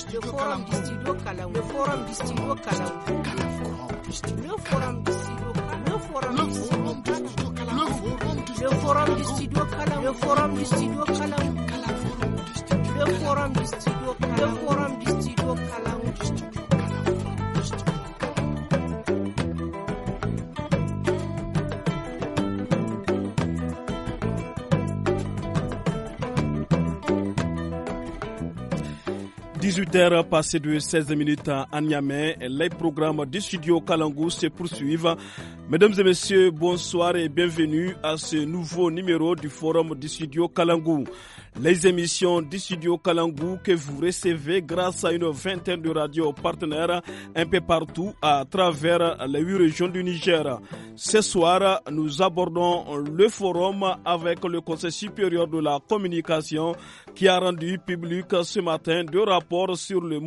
studio forum du studio Kalangu. Le forum du studio Kalangu. Le forum du studio Kalangu. Le forum du studio Kalangu. Le forum du studio Kalangu. Le forum du studio Kalangu. Le forum du studio Kalangu. Le forum du studio Kalangu. 8h de 16 minutes à Niamey, les programmes du studio Kalangou se poursuivent. Mesdames et messieurs, bonsoir et bienvenue à ce nouveau numéro du forum du studio Kalangou. Les émissions du studio Kalangou que vous recevez grâce à une vingtaine de radios partenaires un peu partout à travers les huit régions du Niger. Ce soir, nous abordons le forum avec le Conseil supérieur de la communication qui a rendu public ce matin deux rapports sur le,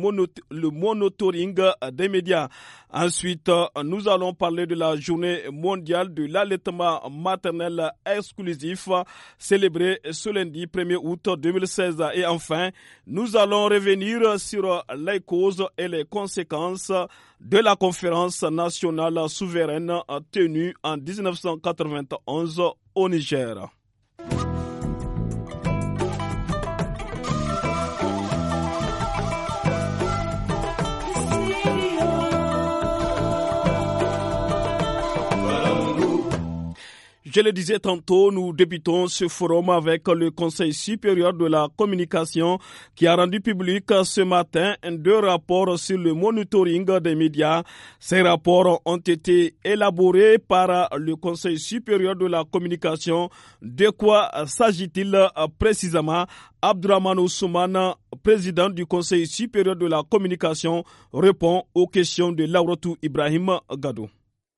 monitoring des médias. Ensuite, euh, nous allons parler de la journée mondiale de l'allaitement maternel exclusif célébrée ce lundi 1er août 2016. Et enfin, nous allons revenir sur les causes et les conséquences de la conférence nationale souveraine tenue en 1991 au Niger. Je le disais tantôt, nous débutons ce forum avec le Conseil supérieur de la communication qui a rendu public ce matin deux rapports sur le monitoring des médias. Ces rapports ont été élaborés par le Conseil supérieur de la communication. De quoi s'agit-il précisément Abdurrahman Ousmane, président du Conseil supérieur de la communication, répond aux questions de Lauratou Ibrahim Gadou.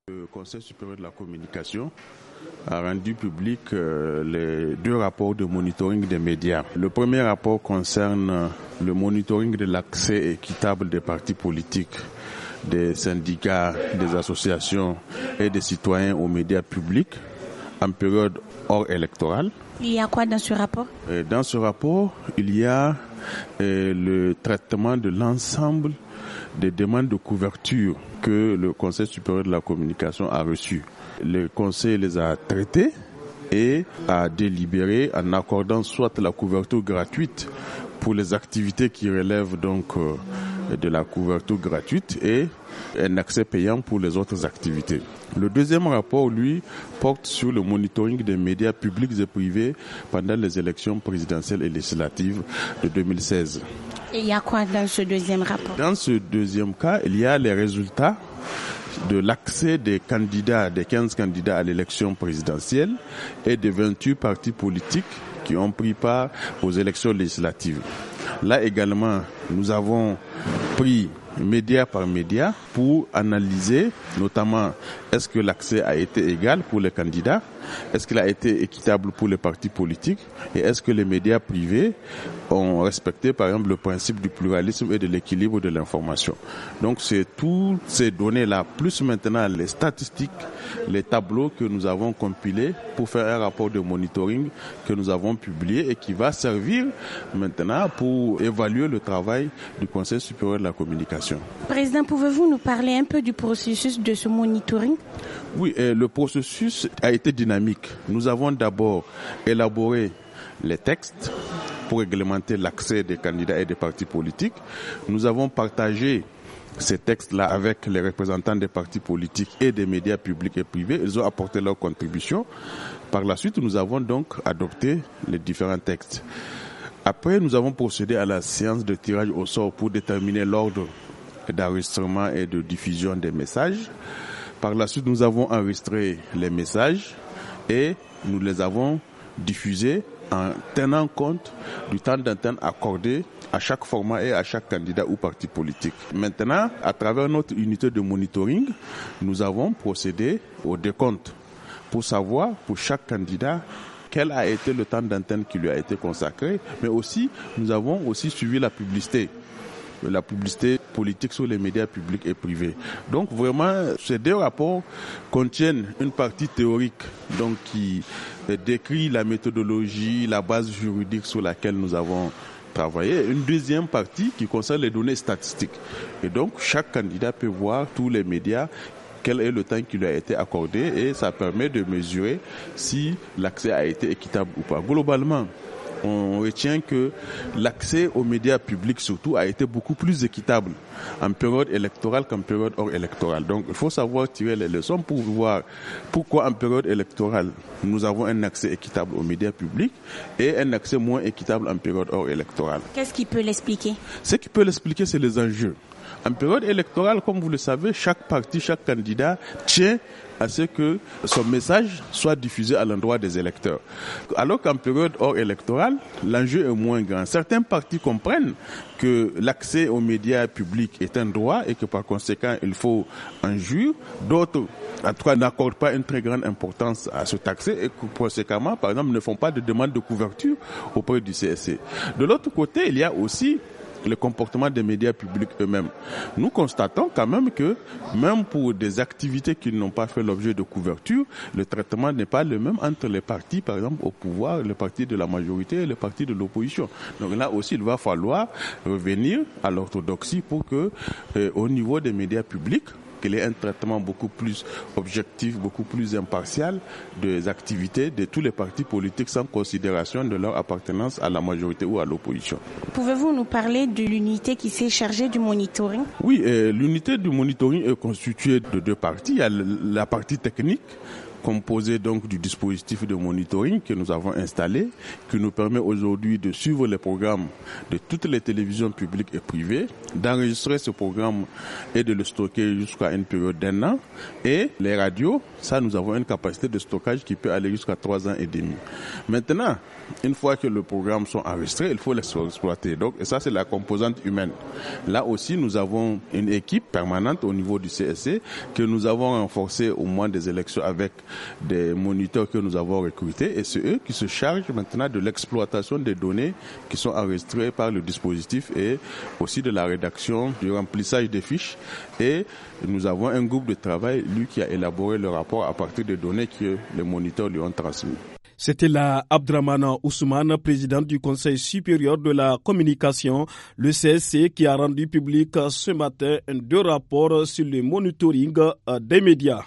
Le Conseil supérieur de la communication a rendu public euh, les deux rapports de monitoring des médias. Le premier rapport concerne euh, le monitoring de l'accès équitable des partis politiques des syndicats, des associations et des citoyens aux médias publics en période hors électorale. Il y a quoi dans ce rapport euh, Dans ce rapport, il y a le traitement de l'ensemble des demandes de couverture que le Conseil supérieur de la communication a reçues. Le Conseil les a traitées et a délibéré en accordant soit la couverture gratuite pour les activités qui relèvent donc euh, de la couverture gratuite et un accès payant pour les autres activités. Le deuxième rapport, lui, porte sur le monitoring des médias publics et privés pendant les élections présidentielles et législatives de 2016. Et il y a quoi dans ce deuxième rapport Dans ce deuxième cas, il y a les résultats de l'accès des candidats, des 15 candidats à l'élection présidentielle et des 28 partis politiques qui ont pris part aux élections législatives. Là également, nous avons pris média par média pour analyser notamment est-ce que l'accès a été égal pour les candidats est-ce qu'il a été équitable pour les partis politiques et est-ce que les médias privés ont respecté par exemple le principe du pluralisme et de l'équilibre de l'information Donc c'est toutes ces données-là, plus maintenant les statistiques, les tableaux que nous avons compilés pour faire un rapport de monitoring que nous avons publié et qui va servir maintenant pour évaluer le travail du Conseil supérieur de la communication. Président, pouvez-vous nous parler un peu du processus de ce monitoring Oui, le processus a été dynamique nous avons d'abord élaboré les textes pour réglementer l'accès des candidats et des partis politiques. Nous avons partagé ces textes-là avec les représentants des partis politiques et des médias publics et privés. Ils ont apporté leur contribution. Par la suite, nous avons donc adopté les différents textes. Après, nous avons procédé à la séance de tirage au sort pour déterminer l'ordre d'enregistrement et de diffusion des messages. Par la suite, nous avons enregistré les messages et nous les avons diffusés en tenant compte du temps d'antenne accordé à chaque format et à chaque candidat ou parti politique. Maintenant, à travers notre unité de monitoring, nous avons procédé au décompte pour savoir pour chaque candidat quel a été le temps d'antenne qui lui a été consacré, mais aussi nous avons aussi suivi la publicité la publicité politique sur les médias publics et privés. Donc vraiment, ces deux rapports contiennent une partie théorique donc qui décrit la méthodologie, la base juridique sur laquelle nous avons travaillé. Une deuxième partie qui concerne les données statistiques. Et donc chaque candidat peut voir tous les médias quel est le temps qui lui a été accordé et ça permet de mesurer si l'accès a été équitable ou pas. Globalement, on retient que l'accès aux médias publics surtout a été beaucoup plus équitable en période électorale qu'en période hors électorale. Donc il faut savoir tirer les leçons pour voir pourquoi en période électorale nous avons un accès équitable aux médias publics et un accès moins équitable en période hors électorale. Qu'est-ce qui peut l'expliquer Ce qui peut l'expliquer, c'est les enjeux. En période électorale, comme vous le savez, chaque parti, chaque candidat tient à ce que son message soit diffusé à l'endroit des électeurs. Alors qu'en période hors électorale, l'enjeu est moins grand. Certains partis comprennent que l'accès aux médias publics est un droit et que par conséquent, il faut en D'autres, en tout cas, n'accordent pas une très grande importance à cet accès et que, conséquemment, par exemple, ne font pas de demande de couverture auprès du CSC. E. De l'autre côté, il y a aussi le comportement des médias publics eux-mêmes. Nous constatons quand même que même pour des activités qui n'ont pas fait l'objet de couverture, le traitement n'est pas le même entre les partis, par exemple, au pouvoir, le parti de la majorité et le parti de l'opposition. Donc là aussi, il va falloir revenir à l'orthodoxie pour que, euh, au niveau des médias publics, qu'il y ait un traitement beaucoup plus objectif, beaucoup plus impartial des activités de tous les partis politiques sans considération de leur appartenance à la majorité ou à l'opposition. Pouvez-vous nous parler de l'unité qui s'est chargée du monitoring Oui, euh, l'unité du monitoring est constituée de deux parties. Il y a la partie technique composé donc du dispositif de monitoring que nous avons installé, qui nous permet aujourd'hui de suivre les programmes de toutes les télévisions publiques et privées, d'enregistrer ce programme et de le stocker jusqu'à une période d'un an, et les radios ça, nous avons une capacité de stockage qui peut aller jusqu'à trois ans et demi. Maintenant, une fois que le programme sont enregistrés, il faut les exploiter. Donc, et ça, c'est la composante humaine. Là aussi, nous avons une équipe permanente au niveau du CSC que nous avons renforcée au moins des élections avec des moniteurs que nous avons recrutés et c'est eux qui se chargent maintenant de l'exploitation des données qui sont enregistrées par le dispositif et aussi de la rédaction, du remplissage des fiches et nous avons un groupe de travail, lui, qui a élaboré le rapport à partir des données que les moniteurs lui ont transmises. C'était la Abdramana Ousmane, présidente du Conseil supérieur de la communication, le CSC, qui a rendu public ce matin deux rapports sur le monitoring euh, des médias.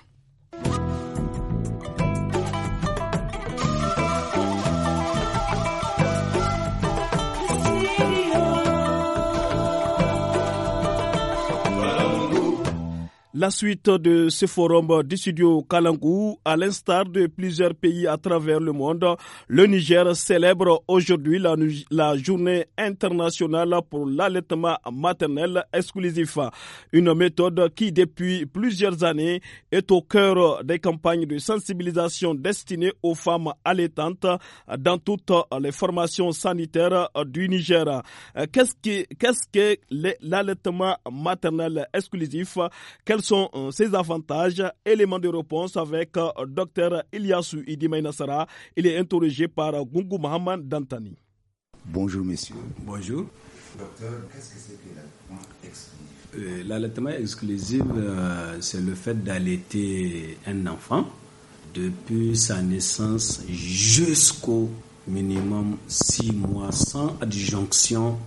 La suite de ce forum du studio Kalangou, à l'instar de plusieurs pays à travers le monde, le Niger célèbre aujourd'hui la, journée internationale pour l'allaitement maternel exclusif, une méthode qui depuis plusieurs années est au cœur des campagnes de sensibilisation destinées aux femmes allaitantes dans toutes les formations sanitaires du Niger. Qu'est-ce que, l'allaitement maternel exclusif sont euh, ses avantages Élément de réponse avec euh, Dr Ilyasu Idimay Nassara. Il est interrogé par euh, Gungu Mohamed Dantani. Bonjour monsieur. Bonjour. Docteur, qu'est-ce que c'est que l'allaitement exclusif L'allaitement exclusif, c'est le fait d'allaiter un enfant depuis sa naissance jusqu'au minimum six mois sans adjonction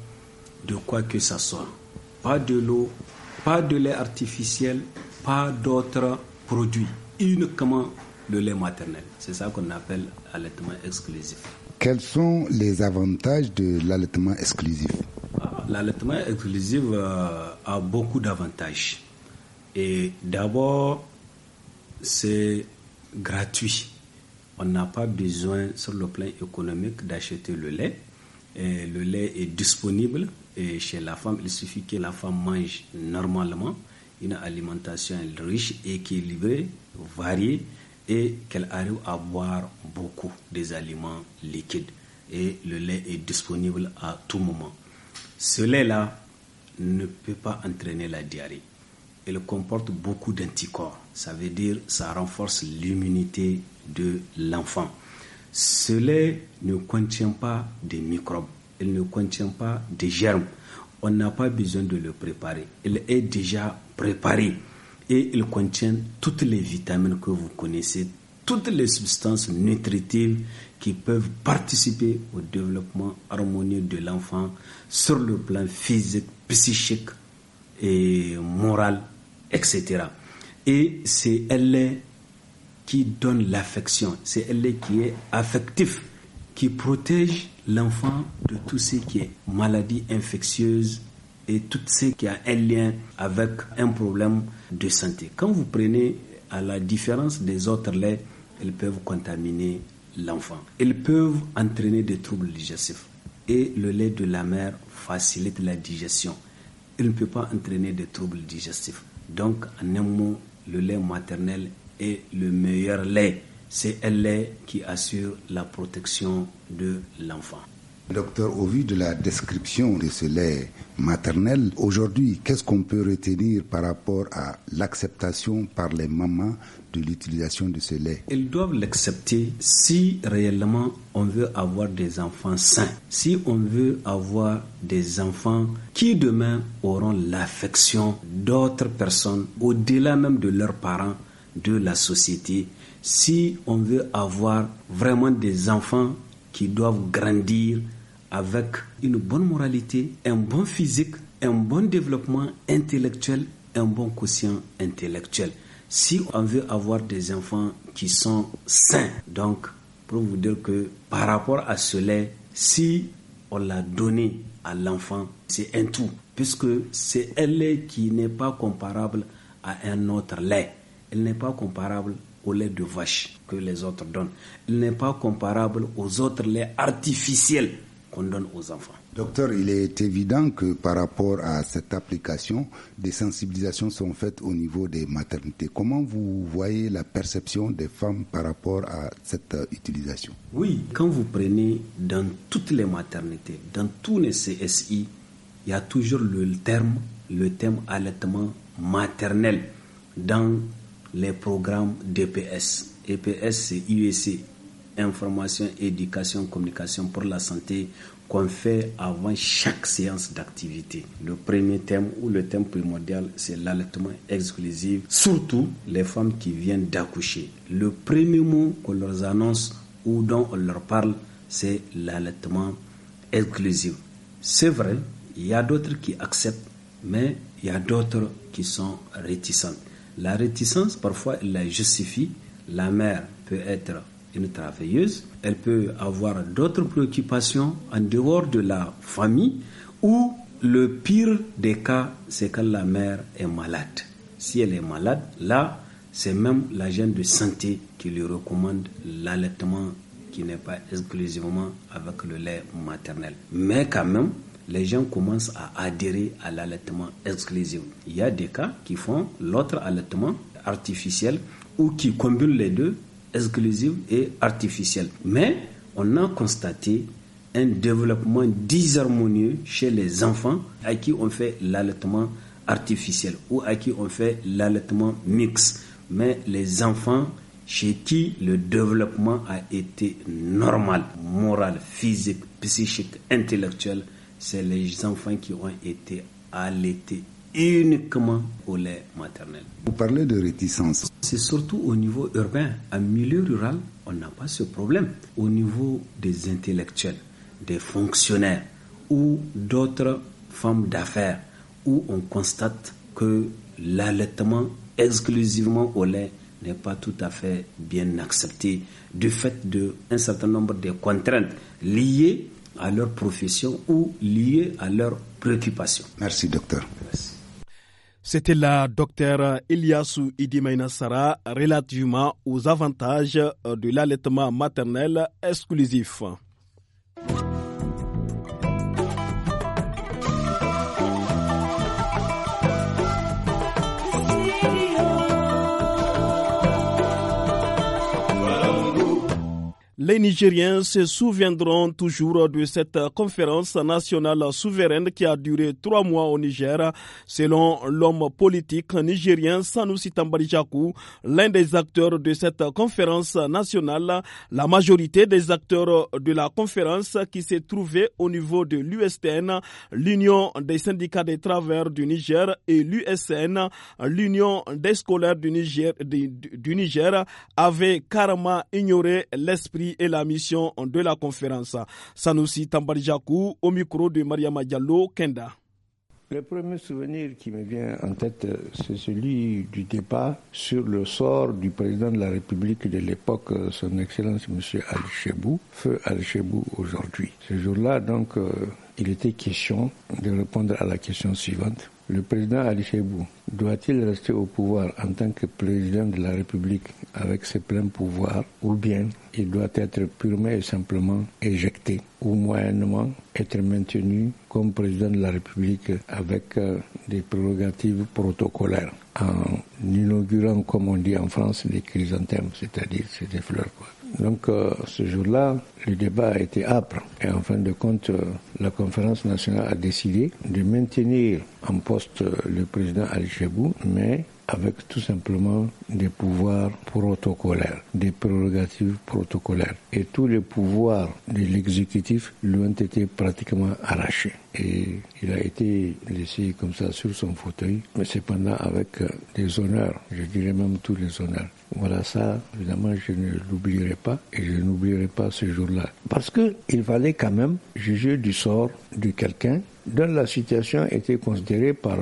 de quoi que ce soit. Pas de l'eau, pas de lait artificiel, pas d'autres produits, uniquement le lait maternel. C'est ça qu'on appelle allaitement exclusif. Quels sont les avantages de l'allaitement exclusif ah, L'allaitement exclusif euh, a beaucoup d'avantages. Et d'abord, c'est gratuit. On n'a pas besoin, sur le plan économique, d'acheter le lait. le lait est disponible et chez la femme, il suffit que la femme mange normalement une alimentation riche, équilibrée, variée et qu'elle arrive à boire beaucoup des aliments liquides. Et le lait est disponible à tout moment. Ce lait-là ne peut pas entraîner la diarrhée. Il comporte beaucoup d'anticorps. Ça veut dire ça renforce l'immunité de l'enfant. Ce lait ne contient pas des microbes elle ne contient pas de germes. On n'a pas besoin de le préparer. Il est déjà préparé et il contient toutes les vitamines que vous connaissez, toutes les substances nutritives qui peuvent participer au développement harmonieux de l'enfant sur le plan physique, psychique et moral, etc. Et c'est elle qui donne l'affection, c'est elle qui est affective qui protège l'enfant de tout ce qui est maladie infectieuse et tout ce qui a un lien avec un problème de santé. Quand vous prenez, à la différence des autres laits, ils peuvent contaminer l'enfant. Ils peuvent entraîner des troubles digestifs. Et le lait de la mère facilite la digestion. Il ne peut pas entraîner des troubles digestifs. Donc, en un mot, le lait maternel est le meilleur lait c'est elle qui assure la protection de l'enfant. Docteur, au vu de la description de ce lait maternel, aujourd'hui, qu'est-ce qu'on peut retenir par rapport à l'acceptation par les mamans de l'utilisation de ce lait Elles doivent l'accepter si réellement on veut avoir des enfants sains, si on veut avoir des enfants qui demain auront l'affection d'autres personnes, au-delà même de leurs parents, de la société si on veut avoir vraiment des enfants qui doivent grandir avec une bonne moralité, un bon physique, un bon développement intellectuel, un bon quotient intellectuel. Si on veut avoir des enfants qui sont sains, donc pour vous dire que par rapport à ce lait si on l'a donné à l'enfant, c'est un tout, puisque c'est un lait qui n'est pas comparable à un autre lait. Elle n'est pas comparable au lait de vache que les autres donnent. Il n'est pas comparable aux autres laits artificiels qu'on donne aux enfants. Docteur, il est évident que par rapport à cette application, des sensibilisations sont faites au niveau des maternités. Comment vous voyez la perception des femmes par rapport à cette euh, utilisation Oui, quand vous prenez dans toutes les maternités, dans tous les CSI, il y a toujours le terme, le thème allaitement maternel dans les programmes d'EPS. EPS, c'est e Information, Éducation, Communication pour la Santé, qu'on fait avant chaque séance d'activité. Le premier thème ou le thème primordial, c'est l'allaitement exclusif, surtout les femmes qui viennent d'accoucher. Le premier mot qu'on leur annonce ou dont on leur parle, c'est l'allaitement exclusif. C'est vrai, il y a d'autres qui acceptent, mais il y a d'autres qui sont réticentes. La réticence, parfois, la justifie. La mère peut être une travailleuse, elle peut avoir d'autres préoccupations en dehors de la famille, ou le pire des cas, c'est quand la mère est malade. Si elle est malade, là, c'est même l'agent de santé qui lui recommande l'allaitement qui n'est pas exclusivement avec le lait maternel. Mais quand même, les gens commencent à adhérer à l'allaitement exclusif. Il y a des cas qui font l'autre allaitement artificiel ou qui combinent les deux, exclusif et artificiel. Mais on a constaté un développement disharmonieux chez les enfants à qui on fait l'allaitement artificiel ou à qui on fait l'allaitement mixte. Mais les enfants chez qui le développement a été normal, moral, physique, psychique, intellectuel, c'est les enfants qui ont été allaités uniquement au lait maternel. Vous parlez de réticence. C'est surtout au niveau urbain. En milieu rural, on n'a pas ce problème. Au niveau des intellectuels, des fonctionnaires ou d'autres femmes d'affaires, où on constate que l'allaitement exclusivement au lait n'est pas tout à fait bien accepté du fait d'un certain nombre de contraintes liées à leur profession ou liées à leurs préoccupations. Merci, docteur. C'était la docteur Ilyasu Idimaina Sara relativement aux avantages de l'allaitement maternel exclusif. Les Nigériens se souviendront toujours de cette conférence nationale souveraine qui a duré trois mois au Niger. Selon l'homme politique nigérien Sanusi Tambarijaku, l'un des acteurs de cette conférence nationale, la majorité des acteurs de la conférence qui s'est trouvée au niveau de l'USTN, l'Union des syndicats des travailleurs du Niger et l'USN, l'Union des scolaires du Niger, du Niger, avait carrément ignoré l'esprit et la mission de la conférence. Sanusi Tambarijaku, au micro de Mariama Kenda. Le premier souvenir qui me vient en tête, c'est celui du débat sur le sort du président de la République de l'époque, son Excellence M. al Chebou, feu al Chebou aujourd'hui. Ce jour-là, donc, euh, il était question de répondre à la question suivante. Le président al Chebou, doit-il rester au pouvoir en tant que président de la République avec ses pleins pouvoirs ou bien il doit être purement et simplement éjecté ou moyennement être maintenu comme président de la République avec euh, des prérogatives protocolaires en inaugurant, comme on dit en France, des chrysanthèmes, c'est-à-dire c'est fleurs. Quoi. Donc euh, ce jour-là, le débat a été âpre. Et en fin de compte, euh, la conférence nationale a décidé de maintenir en poste euh, le président al Chebou, mais avec tout simplement des pouvoirs protocolaires, des prérogatives protocolaires. Et tous les pouvoirs de l'exécutif lui ont été pratiquement arrachés. Et il a été laissé comme ça sur son fauteuil, mais cependant avec des honneurs, je dirais même tous les honneurs. Voilà ça, évidemment, je ne l'oublierai pas et je n'oublierai pas ce jour-là. Parce que il fallait quand même juger du sort de quelqu'un dont la situation était considérée par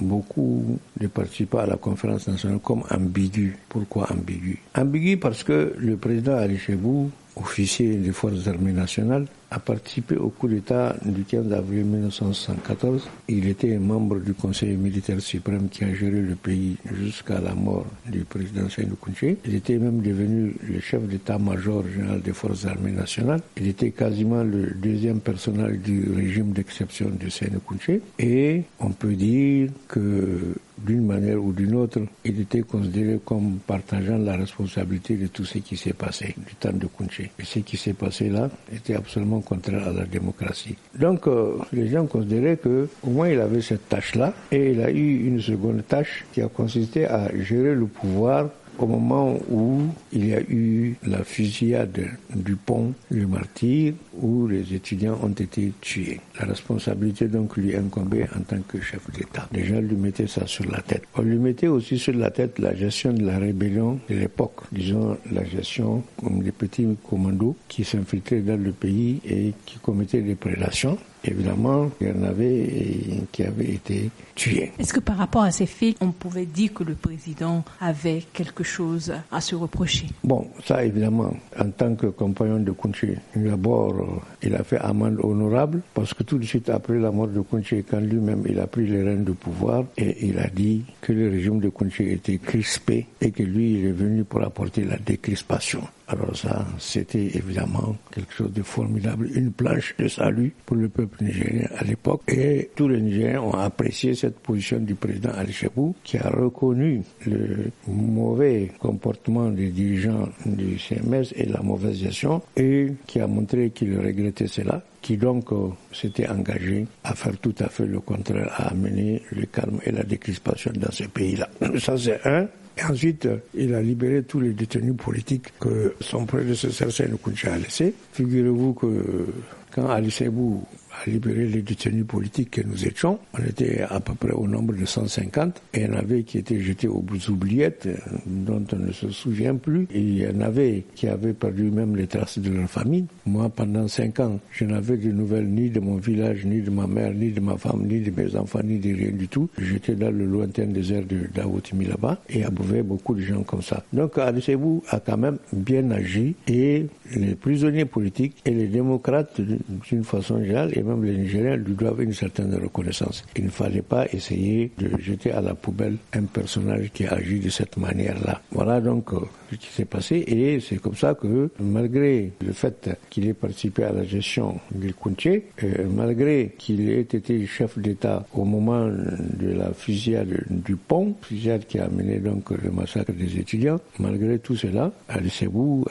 beaucoup de participants à la conférence nationale comme ambiguë. Pourquoi ambiguë Ambiguë parce que le président Ali Chebou, officier des forces armées nationales, a participé au coup d'État du 15 avril 1974. Il était membre du Conseil militaire suprême qui a géré le pays jusqu'à la mort du président seine Kouché. Il était même devenu le chef d'état-major général des forces armées nationales. Il était quasiment le deuxième personnel du régime d'exception de seine Kouché. Et on peut dire que d'une manière ou d'une autre, il était considéré comme partageant la responsabilité de tout ce qui s'est passé du temps de Kunche. Et ce qui s'est passé là était absolument contraire à la démocratie. Donc euh, les gens considéraient que au moins il avait cette tâche-là et il a eu une seconde tâche qui a consisté à gérer le pouvoir au moment où il y a eu la fusillade du pont Le Martyr où les étudiants ont été tués. La responsabilité donc lui incombait en tant que chef d'État. Les gens lui mettaient ça sur la tête. On lui mettait aussi sur la tête la gestion de la rébellion de l'époque, disons la gestion comme des petits commandos qui s'infiltraient dans le pays et qui commettaient des prédations. Évidemment, il y en avait qui avaient été tués. Est-ce que par rapport à ces faits, on pouvait dire que le président avait quelque chose à se reprocher Bon, ça évidemment, en tant que compagnon de Kunche, d'abord, euh, il a fait amende honorable parce que tout de suite après la mort de Kunchi, quand lui-même il a pris les rênes de pouvoir et il a dit que le régime de Kunchi était crispé et que lui il est venu pour apporter la décrispation. Alors ça, c'était évidemment quelque chose de formidable, une planche de salut pour le peuple nigérien à l'époque. Et tous les Nigériens ont apprécié cette position du président al Chebou, qui a reconnu le mauvais comportement des dirigeants du CMS et la mauvaise gestion, et qui a montré qu'il regrettait cela, qui donc euh, s'était engagé à faire tout à fait le contraire, à amener le calme et la décrispation dans ce pays-là. Ça, c'est un. Et ensuite, euh, il a libéré tous les détenus politiques que son prédécesseur Seine a laissé. Figurez-vous que quand Ali a libéré les détenus politiques que nous étions, on était à peu près au nombre de 150, et il y en avait qui étaient jetés aux oubliettes, euh, dont on ne se souvient plus, et il y en avait qui avaient perdu même les traces de leur famille. Moi, pendant cinq ans, je n'avais de nouvelles ni de mon village, ni de ma mère, ni de ma femme, ni de mes enfants, ni de rien du tout. J'étais dans le lointain désert de Daoutimi là-bas, et il y avait beaucoup de gens comme ça. Donc Ali a quand même bien agi, et les prisonniers politiques et les démocrates d'une façon générale, et même les Nigériens lui doivent une certaine reconnaissance. Il ne fallait pas essayer de jeter à la poubelle un personnage qui agit de cette manière-là. Voilà donc euh, ce qui s'est passé, et c'est comme ça que, malgré le fait qu'il ait participé à la gestion du Kuntier, euh, malgré qu'il ait été chef d'État au moment de la fusillade du pont, fusillade qui a mené donc le massacre des étudiants, malgré tout cela, Ali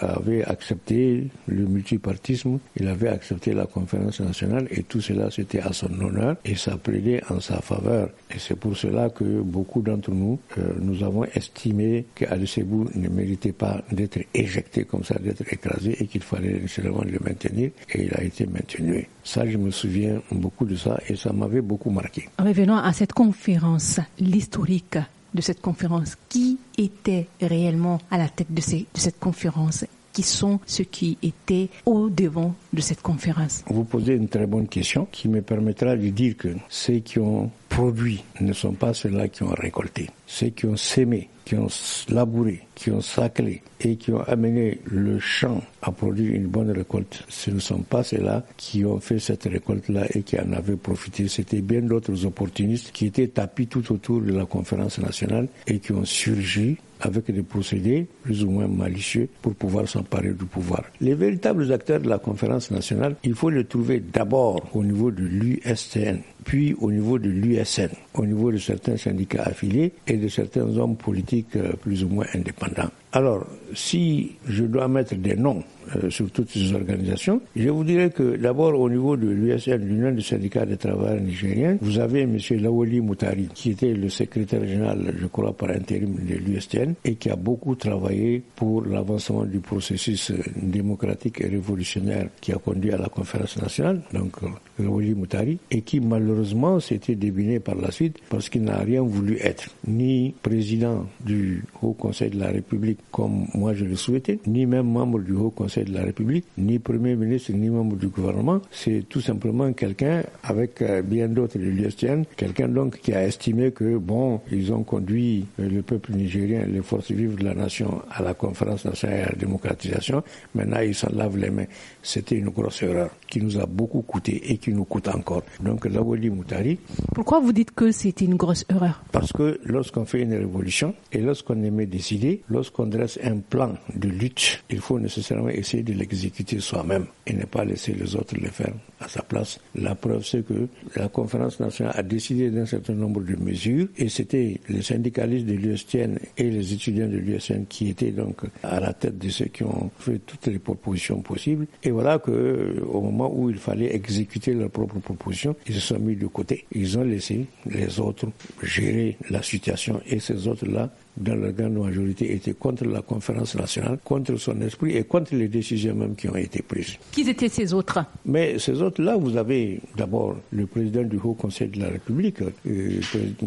avait accepté le multipartisme, il avait accepté la la conférence nationale et tout cela c'était à son honneur et ça plaidait en sa faveur. Et c'est pour cela que beaucoup d'entre nous, euh, nous avons estimé que ne méritait pas d'être éjecté comme ça, d'être écrasé et qu'il fallait nécessairement le maintenir et il a été maintenu. Ça, je me souviens beaucoup de ça et ça m'avait beaucoup marqué. Revenons à cette conférence, l'historique de cette conférence. Qui était réellement à la tête de, de cette conférence qui sont ceux qui étaient au devant de cette conférence Vous posez une très bonne question qui me permettra de dire que ceux qui ont produit ne sont pas ceux-là qui ont récolté. Ceux qui ont sémé, qui ont labouré, qui ont saclé et qui ont amené le champ à produire une bonne récolte, ce ne sont pas ceux-là qui ont fait cette récolte-là et qui en avaient profité. C'était bien d'autres opportunistes qui étaient tapis tout autour de la conférence nationale et qui ont surgi avec des procédés plus ou moins malicieux pour pouvoir s'emparer du pouvoir. Les véritables acteurs de la conférence nationale, il faut les trouver d'abord au niveau de l'USTN, puis au niveau de l'USN, au niveau de certains syndicats affiliés et de certains hommes politiques euh, plus ou moins indépendants. Alors, si je dois mettre des noms euh, sur toutes ces organisations, je vous dirais que d'abord au niveau de l'USN, l'Union des syndicats des travailleurs nigériens, vous avez M. Lawali Moutari, qui était le secrétaire général, je crois, par intérim de l'USN, et qui a beaucoup travaillé pour l'avancement du processus euh, démocratique et révolutionnaire qui a conduit à la conférence nationale, donc euh, Lawali Moutari, et qui malheureusement s'était débiné par la suite parce qu'il n'a rien voulu être, ni président du Haut Conseil de la République, comme moi je le souhaitais, ni même membre du Haut Conseil de la République, ni Premier ministre, ni membre du gouvernement. C'est tout simplement quelqu'un, avec euh, bien d'autres lieustiennes, quelqu'un donc qui a estimé que, bon, ils ont conduit euh, le peuple nigérien, les forces vives de la nation à la conférence nationale de la démocratisation. Maintenant, ils s'en lavent les mains. C'était une grosse erreur qui nous a beaucoup coûté et qui nous coûte encore. Donc, Lawali Moutari. Pourquoi vous dites que c'était une grosse erreur Parce que lorsqu'on fait une révolution et lorsqu'on aimait décider, lorsqu'on dresse un plan de lutte, il faut nécessairement essayer de l'exécuter soi-même et ne pas laisser les autres le faire à sa place. La preuve, c'est que la conférence nationale a décidé d'un certain nombre de mesures et c'était les syndicalistes de l'USTN et les étudiants de l'USN qui étaient donc à la tête de ceux qui ont fait toutes les propositions possibles. Et voilà que, euh, au moment où il fallait exécuter leurs propres propositions, ils se sont mis de côté. Ils ont laissé les autres gérer la situation et ces autres-là, dans leur grande majorité, étaient contre contre la conférence nationale, contre son esprit et contre les décisions même qui ont été prises. Qui étaient ces autres Mais ces autres-là, vous avez d'abord le président du Haut Conseil de la République, euh,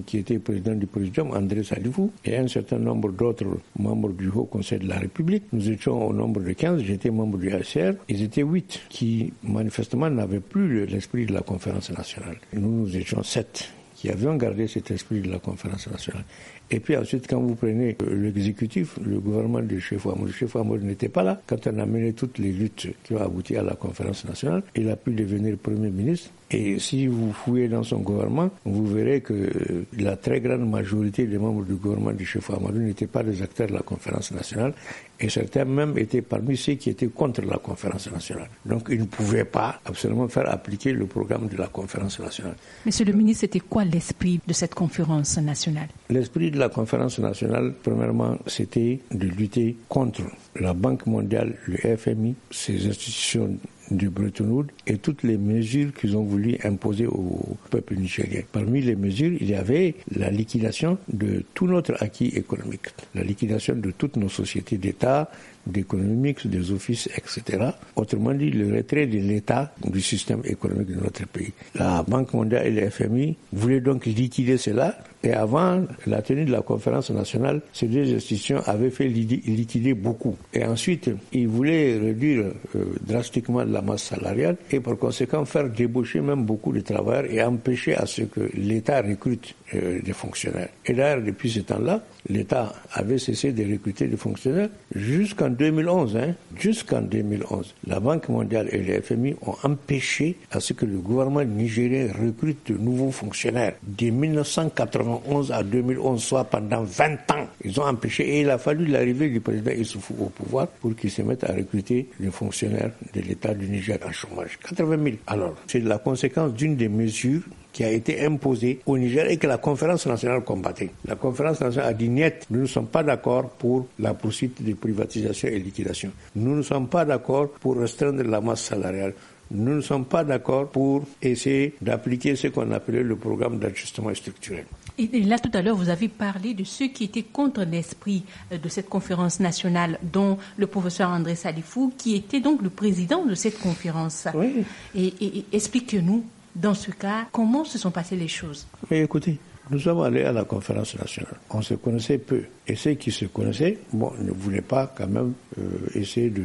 qui était président du président, André Salivou, et un certain nombre d'autres membres du Haut Conseil de la République. Nous étions au nombre de 15, j'étais membre du HCR, ils étaient 8 qui manifestement n'avaient plus l'esprit de la conférence nationale. Nous, nous étions 7 qui avions gardé cet esprit de la conférence nationale. Et puis ensuite, quand vous prenez euh, l'exécutif, le gouvernement du chef Amour, le chef Amour n'était pas là. Quand on a mené toutes les luttes qui ont abouti à la conférence nationale, il a pu devenir Premier ministre. Et si vous fouillez dans son gouvernement, vous verrez que euh, la très grande majorité des membres du gouvernement du chef Amadou n'étaient pas des acteurs de la conférence nationale et certains même étaient parmi ceux qui étaient contre la conférence nationale. Donc ils ne pouvaient pas absolument faire appliquer le programme de la conférence nationale. Monsieur le ministre, c'était quoi l'esprit de cette conférence nationale L'esprit de la conférence nationale, premièrement, c'était de lutter contre la Banque mondiale, le FMI, ces institutions du Bretton Woods et toutes les mesures qu'ils ont voulu imposer au peuple nigérien. Parmi les mesures, il y avait la liquidation de tout notre acquis économique, la liquidation de toutes nos sociétés d'État, d'économiques, des offices, etc. Autrement dit, le retrait de l'État du système économique de notre pays. La Banque mondiale et le FMI voulaient donc liquider cela. Et avant la tenue de la conférence nationale, ces deux institutions avaient fait liquider beaucoup. Et ensuite, ils voulaient réduire euh, drastiquement la masse salariale et par conséquent faire débaucher même beaucoup de travailleurs et empêcher à ce que l'État recrute euh, des fonctionnaires. Et d'ailleurs, depuis ce temps-là, l'État avait cessé de recruter des fonctionnaires jusqu'en 2011. Hein, jusqu'en 2011. La Banque mondiale et le FMI ont empêché à ce que le gouvernement nigérien recrute de nouveaux fonctionnaires. De 1991 à 2011, soit pendant 20 ans, ils ont empêché et il a fallu l'arrivée du président Issoufou au pouvoir pour qu'il se mette à recruter les fonctionnaires de l'État du Niger en chômage. 80 000. Alors, c'est la conséquence d'une des mesures qui a été imposée au Niger et que la conférence nationale combattait. La conférence nationale a dit net, nous ne sommes pas d'accord pour la poursuite des privatisations et liquidations. Nous ne sommes pas d'accord pour restreindre la masse salariale. Nous ne sommes pas d'accord pour essayer d'appliquer ce qu'on appelait le programme d'ajustement structurel. Et là, tout à l'heure, vous avez parlé de ceux qui étaient contre l'esprit euh, de cette conférence nationale, dont le professeur André Salifou, qui était donc le président de cette conférence. Oui. Et, et, expliquez-nous dans ce cas, comment se sont passées les choses Écoutez, nous sommes allés à la conférence nationale. On se connaissait peu. Et ceux qui se connaissaient, bon, ne voulaient pas quand même euh, essayer de,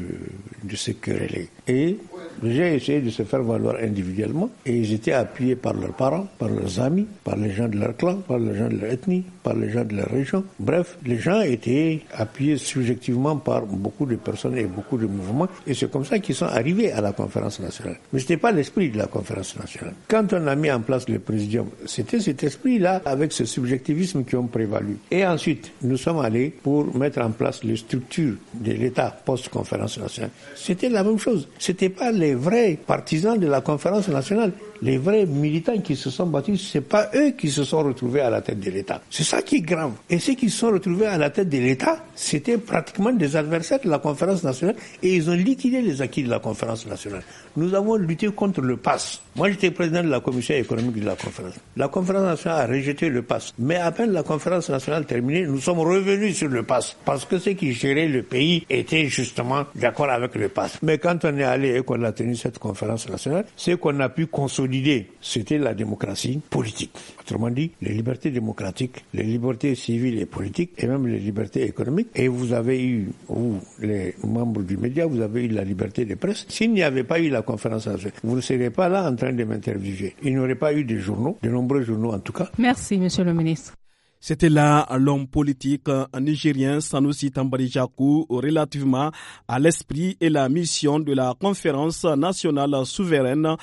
de, se quereller. Et j'ai essayé de se faire valoir individuellement. Et ils étaient appuyés par leurs parents, par leurs amis, par les gens de leur clan, par les gens de leur ethnie, par les gens de leur région. Bref, les gens étaient appuyés subjectivement par beaucoup de personnes et beaucoup de mouvements. Et c'est comme ça qu'ils sont arrivés à la conférence nationale. Mais ce n'était pas l'esprit de la conférence nationale. Quand on a mis en place le président, c'était cet esprit-là avec ce subjectivisme qui ont prévalu. Et ensuite, nous sommes allés pour mettre en place les structures de l'État post-conférence nationale. C'était la même chose. Ce n'étaient pas les vrais partisans de la conférence nationale les vrais militants qui se sont battus, c'est pas eux qui se sont retrouvés à la tête de l'État. C'est ça qui est grave. Et ceux qui se sont retrouvés à la tête de l'État, c'était pratiquement des adversaires de la conférence nationale et ils ont liquidé les acquis de la conférence nationale. Nous avons lutté contre le pass. Moi, j'étais président de la commission économique de la conférence. La conférence nationale a rejeté le pass. Mais à peine la conférence nationale terminée, nous sommes revenus sur le pass parce que ceux qui géraient le pays étaient justement d'accord avec le pass. Mais quand on est allé et qu'on a tenu cette conférence nationale, c'est qu'on a pu consolider l'idée, c'était la démocratie politique. Autrement dit, les libertés démocratiques, les libertés civiles et politiques, et même les libertés économiques. Et vous avez eu, vous, les membres du média, vous avez eu la liberté de presse. S'il n'y avait pas eu la conférence, vous ne seriez pas là en train de m'interviewer. Il n'y aurait pas eu de journaux, de nombreux journaux en tout cas. Merci, monsieur le ministre. C'était là l'homme politique nigérien Sanusi Tambari relativement à l'esprit et la mission de la conférence nationale souveraine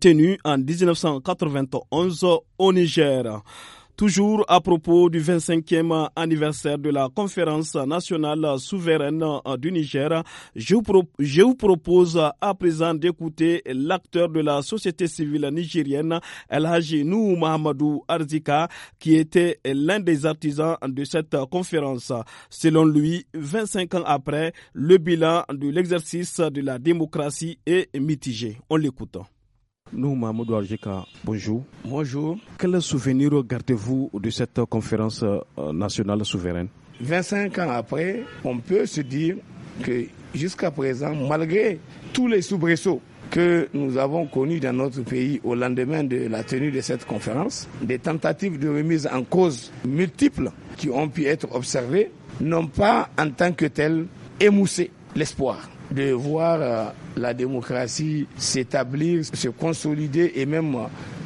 tenue en 1991 au Niger. Toujours à propos du 25e anniversaire de la conférence nationale souveraine euh, du Niger, je vous, propose à présent d'écouter l'acteur de la société civile nigérienne, El Haji Nou Arzika, qui était l'un des artisans de cette conférence. Selon lui, 25 ans après, le bilan de l'exercice de la démocratie est mitigé. On l'écoute. Nous, Mahmoud Arjika, bonjour. Bonjour. Quel souvenir gardez-vous de cette conférence euh, nationale souveraine 25 ans après, on peut se dire que jusqu'à présent, malgré tous les soubresauts que nous avons connus dans notre pays au lendemain de la tenue de cette conférence, des tentatives de remise en cause multiples qui ont pu être observées n'ont pas en tant que telles émoussé l'espoir de voir euh, la démocratie s'établir, se consolider et même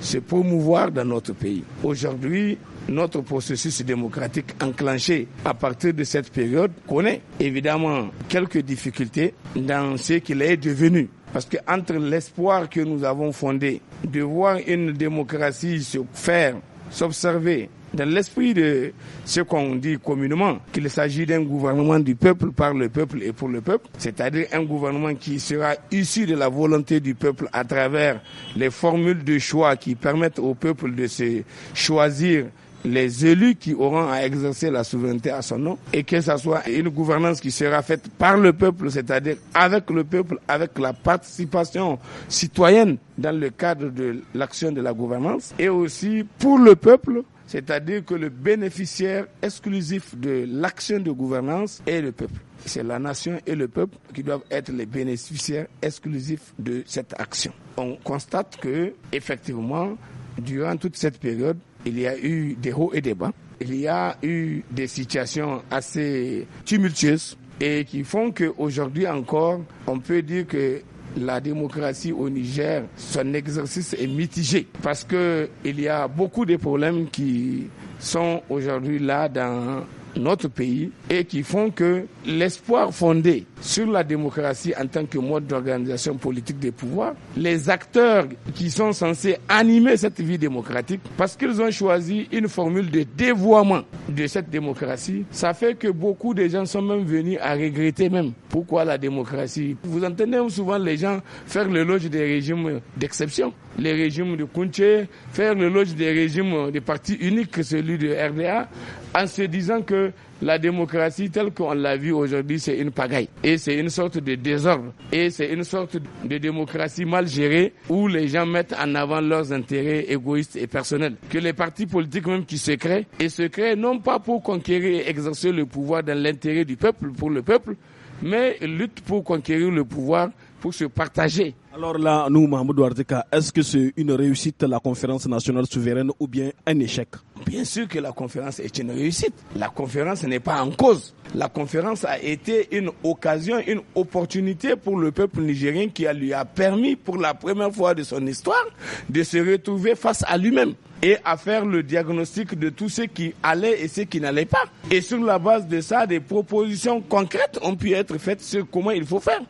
se promouvoir dans notre pays. Aujourd'hui, notre processus démocratique enclenché à partir de cette période connaît évidemment quelques difficultés dans ce qu'il est devenu. Parce que entre l'espoir que nous avons fondé de voir une démocratie se faire, s'observer dans l'esprit de ce qu'on dit communément, qu'il s'agit d'un gouvernement du peuple par le peuple et pour le peuple, c'est-à-dire un gouvernement qui sera issu de la volonté du peuple à travers les formules de choix qui permettent au peuple de se choisir les élus qui auront à exercer la souveraineté à son nom et que ça soit une gouvernance qui sera faite par le peuple, c'est-à-dire avec le peuple, avec la participation citoyenne dans le cadre de l'action de la gouvernance et aussi pour le peuple c'est-à-dire que le bénéficiaire exclusif de l'action de gouvernance est le peuple. C'est la nation et le peuple qui doivent être les bénéficiaires exclusifs de cette action. On constate que, effectivement, durant toute cette période, il y a eu des hauts et des bas. Il y a eu des situations assez tumultueuses et qui font qu'aujourd'hui encore, on peut dire que la démocratie au Niger, son exercice est mitigé parce que il y a beaucoup de problèmes qui sont aujourd'hui là dans notre pays et qui font que l'espoir fondé sur la démocratie en tant que mode d'organisation politique des pouvoirs, les acteurs qui sont censés animer cette vie démocratique, parce qu'ils ont choisi une formule de dévoiement de cette démocratie, ça fait que beaucoup de gens sont même venus à regretter même pourquoi la démocratie. Vous entendez souvent les gens faire l'éloge des régimes d'exception, les régimes de Kunche, faire l'éloge des régimes des partis uniques, celui de RDA, en se disant que la démocratie telle qu'on l'a vue aujourd'hui, c'est une pagaille. Et c'est une sorte de désordre. Et c'est une sorte de démocratie mal gérée où les gens mettent en avant leurs intérêts égoïstes et personnels. Que les partis politiques même qui se créent, et se créent non pas pour conquérir et exercer le pouvoir dans l'intérêt du peuple, pour le peuple, mais luttent pour conquérir le pouvoir pour se partager. Alors là, nous, Mahmoud est-ce que c'est une réussite la conférence nationale souveraine ou bien un échec Bien sûr que la conférence est une réussite. La conférence n'est pas en cause. La conférence a été une occasion, une opportunité pour le peuple nigérien qui a lui a permis pour la première fois de son histoire de se retrouver face à lui-même et à faire le diagnostic de tous ceux qui allaient et ceux qui n'allaient pas. Et sur la base de ça, des propositions concrètes ont pu être faites sur comment il faut faire.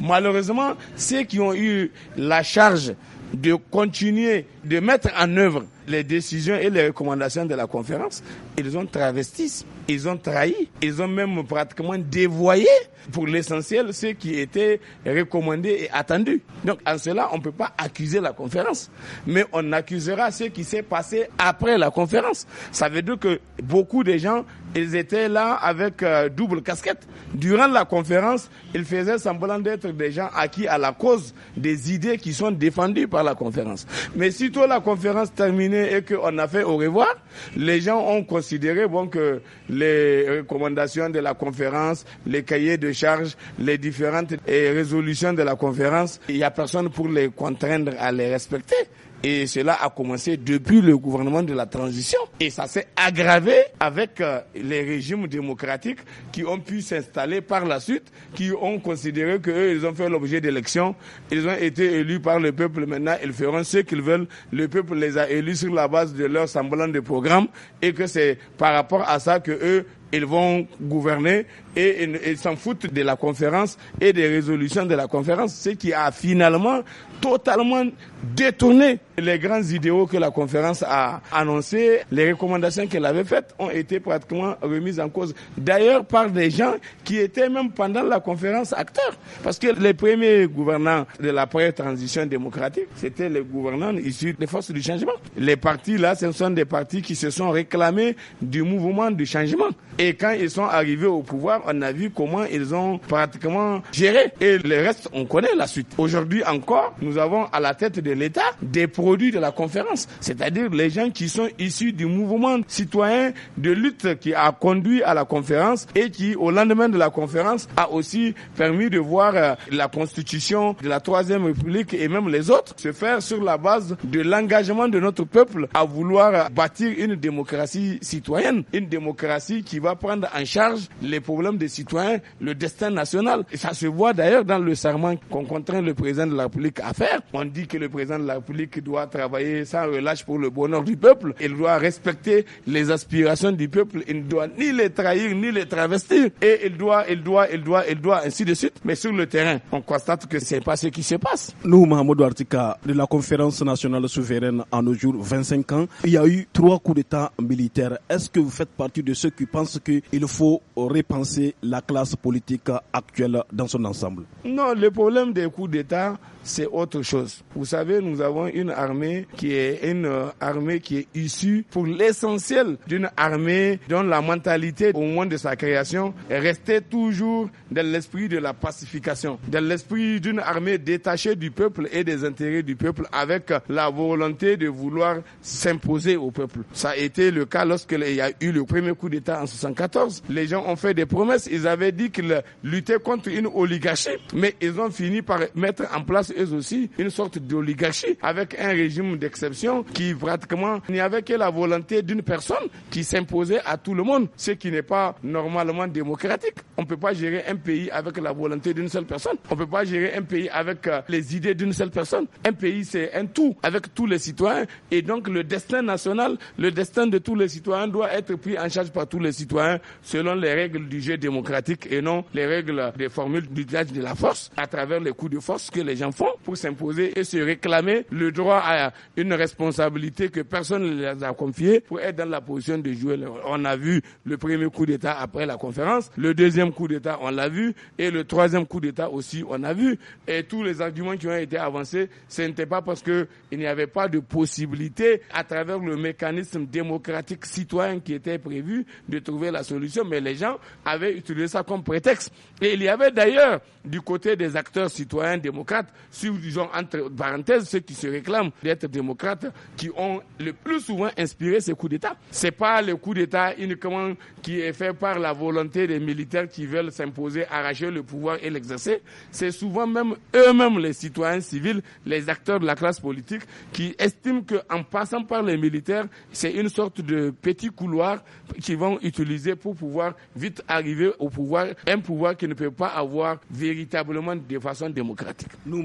Malheureusement, ceux qui ont eu la charge de continuer de mettre en œuvre les décisions et les recommandations de la conférence. Ils ont travesti, ils ont trahi, ils ont même pratiquement dévoyé pour l'essentiel ce qui était recommandé et attendu. Donc en cela, on ne peut pas accuser la conférence, mais on accusera ce qui s'est passé après la conférence. Ça veut dire que beaucoup de gens ils étaient là avec euh, double casquette. Durant la conférence, ils faisaient semblant d'être des gens acquis à la cause des idées qui sont défendues par la conférence. Mais sitôt la conférence terminée et qu'on a fait au revoir, les gens ont considéré bon, que les recommandations de la conférence, les cahiers de charges, les différentes euh, résolutions de la conférence, il n'y a personne pour les contraindre à les respecter. Et cela a commencé depuis le gouvernement de la transition. Et ça s'est aggravé avec euh, les régimes démocratiques qui ont pu s'installer par la suite, qui ont considéré qu'eux, ils ont fait l'objet d'élections. Ils ont été élus par le peuple. Maintenant, ils feront ce qu'ils veulent. Le peuple les a élus sur la base de leur semblant de programme et que c'est par rapport à ça que eux, ils vont gouverner et ils s'en foutent de la conférence et des résolutions de la conférence, ce qui a finalement totalement détourné les grands idéaux que la conférence a annoncés. Les recommandations qu'elle avait faites ont été pratiquement remises en cause. D'ailleurs, par des gens qui étaient même pendant la conférence acteurs. Parce que les premiers gouvernants de la pré-transition démocratique, c'était les gouvernants issus des forces du changement. Les partis là, ce sont des partis qui se sont réclamés du mouvement du changement. Et quand ils sont arrivés au pouvoir, on a vu comment ils ont pratiquement géré. Et le reste, on connaît la suite. Aujourd'hui encore, nous avons à la tête de l'État des produits de la conférence, c'est-à-dire les gens qui sont issus du mouvement citoyen de lutte qui a conduit à la conférence et qui, au lendemain de la conférence, a aussi permis de voir euh, la constitution de la Troisième République et même les autres se faire sur la base de l'engagement de notre peuple à vouloir bâtir une démocratie citoyenne, une démocratie qui va prendre en charge les problèmes des citoyens, le destin national. Et ça se voit d'ailleurs dans le serment qu'on contraint le président de la République à faire. On dit que le président de la République doit travailler sans relâche pour le bonheur du peuple. Il doit respecter les aspirations du peuple. Il ne doit ni les trahir, ni les travestir. Et il doit, il doit, il doit, il doit, ainsi de suite. Mais sur le terrain, on constate que c'est pas ce qui se passe. Nous, Mahmoud Artika, de la conférence nationale souveraine à nos jours, 25 ans, il y a eu trois coups d'État militaires. Est-ce que vous faites partie de ceux qui pensent qu'il faut repenser la classe politique actuelle dans son ensemble. Non, le problème des coups d'État, c'est autre chose. Vous savez, nous avons une armée qui est une euh, armée qui est issue pour l'essentiel d'une armée dont la mentalité au moment de sa création restait toujours dans l'esprit de la pacification, dans l'esprit d'une armée détachée du peuple et des intérêts du peuple avec la volonté de vouloir s'imposer au peuple. Ça a été le cas lorsque il y a eu le premier coup d'État en 74. Les gens ont fait des promesses. Ils avaient dit qu'ils luttaient contre une oligarchie, mais ils ont fini par mettre en place eux aussi une sorte d'oligarchie avec un régime d'exception qui pratiquement n'y avait que la volonté d'une personne qui s'imposait à tout le monde, ce qui n'est pas normalement démocratique. On ne peut pas gérer un pays avec la volonté d'une seule personne. On ne peut pas gérer un pays avec euh, les idées d'une seule personne. Un pays, c'est un tout avec tous les citoyens et donc le destin national, le destin de tous les citoyens doit être pris en charge par tous les citoyens selon les règles du jeu démocratique et non les règles des formules d'usage de la force à travers les coups de force que les gens font pour s'imposer et se réclamer le droit à une responsabilité que personne ne les a confiée pour être dans la position de jouer. On a vu le premier coup d'État après la conférence, le deuxième coup d'État, on l'a vu, et le troisième coup d'État aussi, on a vu. Et tous les arguments qui ont été avancés, ce n'était pas parce qu'il n'y avait pas de possibilité à travers le mécanisme démocratique citoyen qui était prévu de trouver la solution, mais les gens avaient utilisé ça comme prétexte. Et il y avait d'ailleurs du côté des acteurs citoyens démocrates vous disons, entre parenthèses, ceux qui se réclament d'être démocrates, qui ont le plus souvent inspiré ces coups d'État. C'est pas le coup d'État uniquement qui est fait par la volonté des militaires qui veulent s'imposer, arracher le pouvoir et l'exercer. C'est souvent même eux-mêmes, les citoyens civils, les acteurs de la classe politique, qui estiment qu'en passant par les militaires, c'est une sorte de petit couloir qu'ils vont utiliser pour pouvoir vite arriver au pouvoir, un pouvoir qui ne peut pas avoir véritablement de façon démocratique. Nous,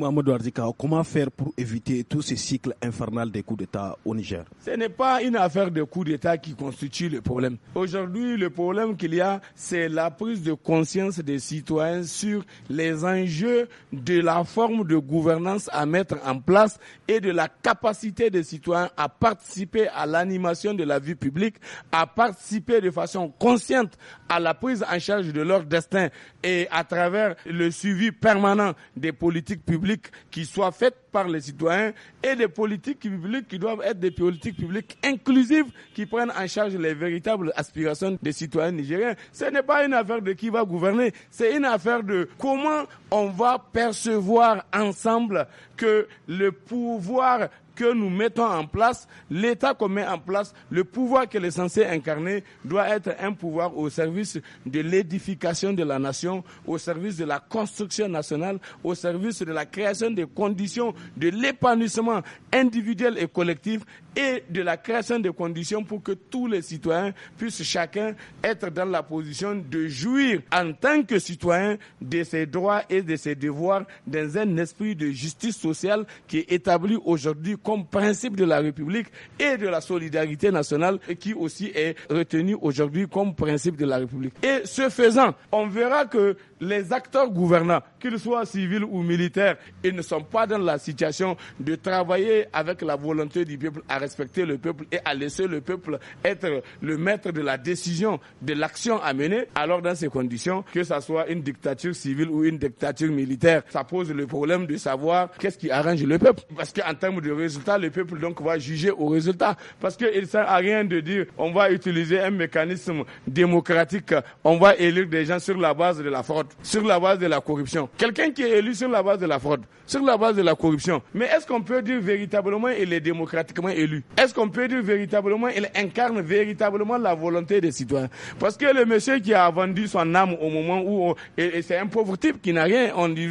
comment faire pour éviter tout ce cycle infernal des coups d'État au Niger Ce n'est pas une affaire de coups d'État qui constitue le problème. Aujourd'hui, le problème qu'il y a, c'est la prise de conscience des citoyens sur les enjeux de la forme de gouvernance à mettre en place et de la capacité des citoyens à participer à l'animation de la vie publique, à participer de façon consciente à la prise en charge de leur destin et à travers le suivi permanent des politiques publiques qui soient faites par les citoyens et des politiques publiques qui doivent être des politiques publiques inclusives qui prennent en charge les véritables aspirations des citoyens nigériens. Ce n'est pas une affaire de qui va gouverner, c'est une affaire de comment on va percevoir ensemble que le pouvoir que nous mettons en place, l'État qu'on met en place, le pouvoir qu'elle est censée incarner doit être un pouvoir au service de l'édification de la nation, au service de la construction nationale, au service de la création des conditions de l'épanouissement individuel et collectif et de la création de conditions pour que tous les citoyens puissent chacun être dans la position de jouir en tant que citoyen de ses droits et de ses devoirs dans un esprit de justice sociale qui est établi aujourd'hui comme principe de la République et de la solidarité nationale et qui aussi est retenu aujourd'hui comme principe de la République. Et ce faisant, on verra que les acteurs gouvernants, qu'ils soient civils ou militaires, ils ne sont pas dans la situation de travailler avec la volonté du peuple respecter le peuple et à laisser le peuple être le maître de la décision, de l'action à mener, alors dans ces conditions, que ce soit une dictature civile ou une dictature militaire, ça pose le problème de savoir qu'est-ce qui arrange le peuple. Parce qu'en termes de résultats, le peuple donc va juger au résultat. Parce qu'il ne sert à rien de dire on va utiliser un mécanisme démocratique, on va élire des gens sur la base de la fraude, sur la base de la corruption. Quelqu'un qui est élu sur la base de la fraude, sur la base de la corruption. Mais est-ce qu'on peut dire véritablement il est démocratiquement élu est-ce qu'on peut dire véritablement, il incarne véritablement la volonté des citoyens Parce que le monsieur qui a vendu son âme au moment où... c'est un pauvre type qui n'a rien. en lui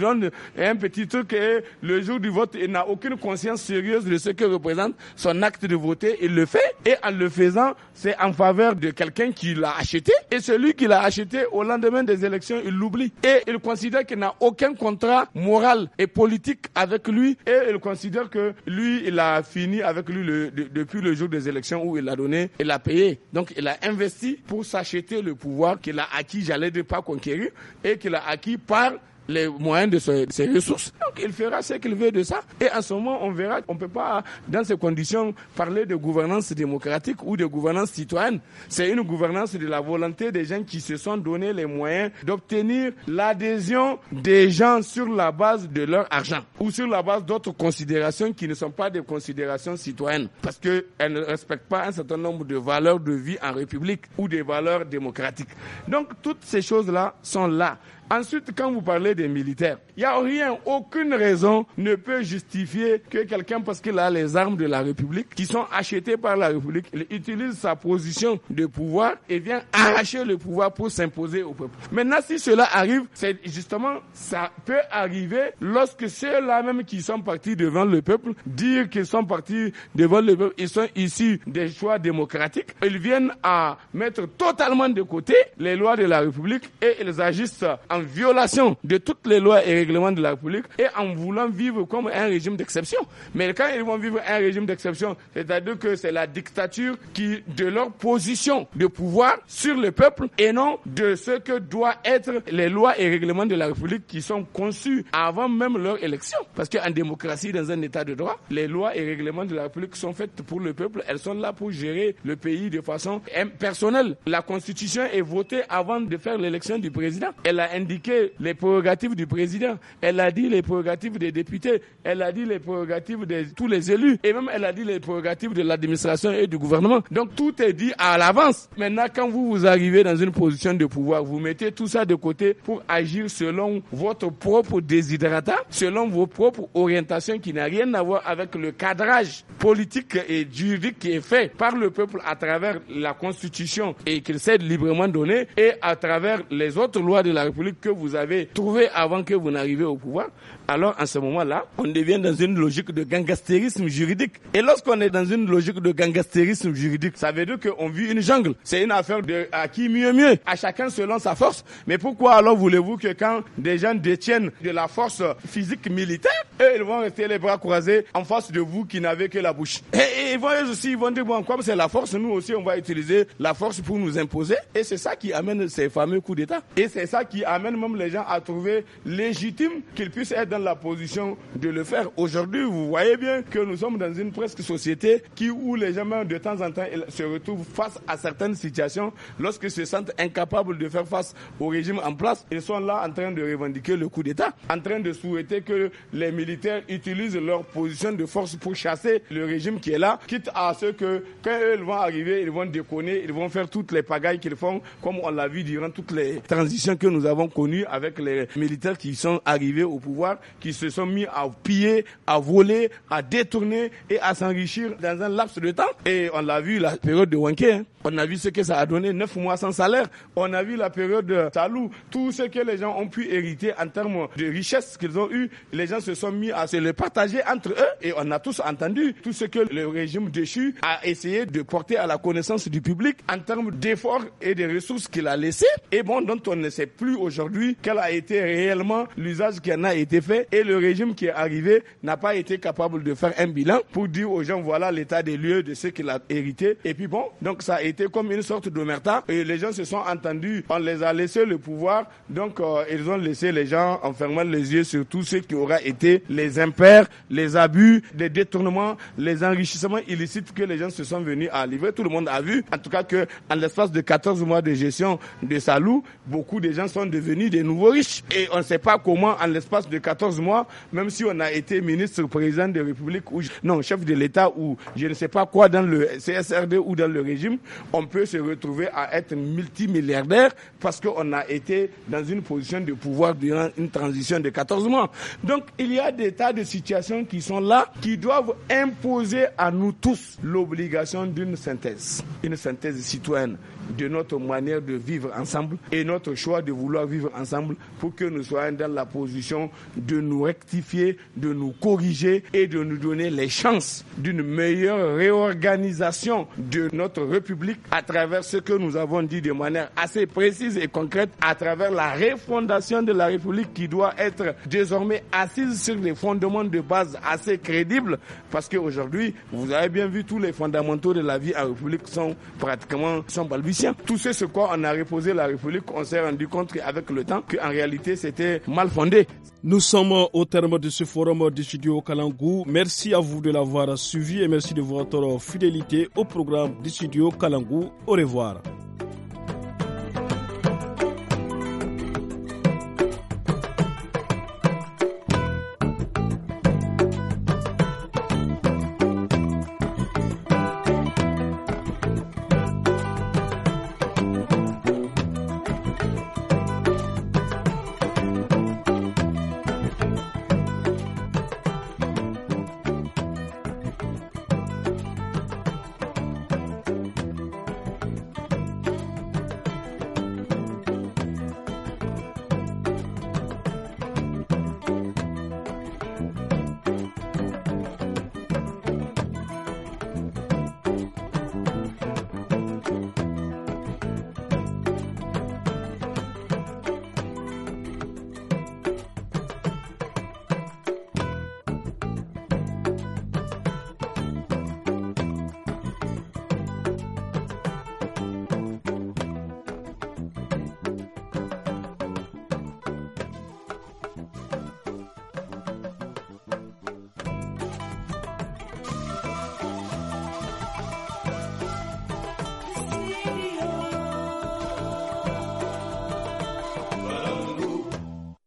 un petit truc et le jour du vote, il n'a aucune conscience sérieuse de ce que représente son acte de voter. Il le fait et en le faisant, c'est en faveur de quelqu'un qui l'a acheté. Et celui qui l'a acheté au lendemain des élections, il l'oublie. Et il considère qu'il n'a aucun contrat moral et politique avec lui. Et il considère que lui, il a fini avec lui le depuis le jour des élections où il a donné, il a payé. Donc il a investi pour s'acheter le pouvoir qu'il a acquis, j'allais ne pas conquérir, et qu'il a acquis par les moyens de, ses, ressources. Donc il fera ce qu'il veut de ça. Et en ce moment, on verra, on ne peut pas, dans ces conditions, parler de gouvernance démocratique ou de gouvernance citoyenne. C'est une gouvernance de la volonté des gens qui se sont donné les moyens d'obtenir l'adhésion des gens sur la base de leur argent ou sur la base d'autres considérations qui ne sont pas des considérations citoyennes parce qu'elles ne respectent pas un certain nombre de valeurs de vie en République ou des valeurs démocratiques. Donc toutes ces choses-là sont là. Ensuite, quand vous parlez des militaires, il n'y a rien, aucune raison ne peut justifier que quelqu'un, parce qu'il a les armes de la République, qui sont achetées par la République, il utilise sa position de pouvoir et vient arracher le pouvoir pour s'imposer au peuple. Maintenant, si cela arrive, c'est justement, ça peut arriver lorsque ceux-là même qui sont partis devant le peuple, dire qu'ils sont partis devant le peuple, ils sont issus des choix démocratiques, ils viennent à mettre totalement de côté les lois de la République et ils agissent en violation de toutes les lois et règlements de la République et en voulant vivre comme un régime d'exception. Mais quand ils vont vivre un régime d'exception, c'est-à-dire que c'est la dictature qui, de leur position de pouvoir sur le peuple et non de ce que doivent être les lois et règlements de la République qui sont conçus avant même leur élection. Parce qu'en démocratie, dans un état de droit, les lois et règlements de la République sont faites pour le peuple. Elles sont là pour gérer le pays de façon personnelle. La Constitution est votée avant de faire l'élection du président. Elle a un indiqué les prérogatives du président, elle a dit les prérogatives des députés, elle a dit les prérogatives de tous les élus, et même elle a dit les prérogatives de l'administration et du gouvernement. Donc tout est dit à l'avance. Maintenant, quand vous vous arrivez dans une position de pouvoir, vous mettez tout ça de côté pour agir selon votre propre déshydrata, selon vos propres orientations qui n'a rien à voir avec le cadrage politique et juridique qui est fait par le peuple à travers la Constitution et qu'il s'est librement donné et à travers les autres lois de la République que vous avez trouvé avant que vous n'arriviez au pouvoir, alors en ce moment-là, on devient dans une logique de gangastérisme juridique. Et lorsqu'on est dans une logique de gangastérisme juridique, ça veut dire qu'on vit une jungle. C'est une affaire de à qui mieux mieux, à chacun selon sa force. Mais pourquoi alors voulez-vous que quand des gens détiennent de la force physique militaire, eux, ils vont rester les bras croisés en face de vous qui n'avez que la bouche. Et, ils vont aussi, ils vont dire, bon, comme c'est la force, nous aussi, on va utiliser la force pour nous imposer. Et c'est ça qui amène ces fameux coups d'État. Et c'est ça qui amène même les gens à trouver légitime qu'ils puissent être la position de le faire. Aujourd'hui, vous voyez bien que nous sommes dans une presque société qui, où les gens, de temps en temps, se retrouvent face à certaines situations lorsqu'ils se sentent incapables de faire face au régime en place. Ils sont là en train de revendiquer le coup d'État, en train de souhaiter que les militaires utilisent leur position de force pour chasser le régime qui est là, quitte à ce que quand eux vont arriver, ils vont déconner, ils vont faire toutes les pagailles qu'ils font, comme on l'a vu durant toutes les transitions que nous avons connues avec les militaires qui sont arrivés au pouvoir qui se sont mis à piller, à voler, à détourner et à s'enrichir dans un laps de temps. Et on l'a vu la période de Wanké. Hein. On a vu ce que ça a donné, 9 mois sans salaire. On a vu la période de Talou. Tout ce que les gens ont pu hériter en termes de richesses qu'ils ont eu, les gens se sont mis à se le partager entre eux. Et on a tous entendu tout ce que le régime déchu a essayé de porter à la connaissance du public en termes d'efforts et des ressources qu'il a laissées. Et bon, dont on ne sait plus aujourd'hui quel a été réellement l'usage qui en a été fait et le régime qui est arrivé n'a pas été capable de faire un bilan pour dire aux gens voilà l'état des lieux de ce qu'il a hérité. Et puis bon, donc ça a été comme une sorte de d'omerta et les gens se sont entendus. On les a laissé le pouvoir, donc euh, ils ont laissé les gens en fermant les yeux sur tout ce qui aura été les impairs, les abus, les détournements, les enrichissements illicites que les gens se sont venus à livrer. Tout le monde a vu, en tout cas que en l'espace de 14 mois de gestion de Salou, beaucoup de gens sont devenus des nouveaux riches et on ne sait pas comment en l'espace de 14 mois, même si on a été ministre, président de la République, ou non, chef de l'État, ou je ne sais pas quoi dans le CSRD ou dans le régime, on peut se retrouver à être multimilliardaire parce qu'on a été dans une position de pouvoir durant une transition de 14 mois. Donc, il y a des tas de situations qui sont là, qui doivent imposer à nous tous l'obligation d'une synthèse, une synthèse citoyenne de notre manière de vivre ensemble et notre choix de vouloir vivre ensemble pour que nous soyons dans la position de nous rectifier, de nous corriger et de nous donner les chances d'une meilleure réorganisation de notre République à travers ce que nous avons dit de manière assez précise et concrète, à travers la refondation de la République qui doit être désormais assise sur des fondements de base assez crédibles parce qu'aujourd'hui, vous avez bien vu tous les fondamentaux de la vie en République sont pratiquement sans lui tout ce sur quoi on a reposé la République, on s'est rendu compte avec le temps qu'en réalité c'était mal fondé. Nous sommes au terme de ce forum du studio Kalangou. Merci à vous de l'avoir suivi et merci de votre fidélité au programme du studio Kalangou. Au revoir.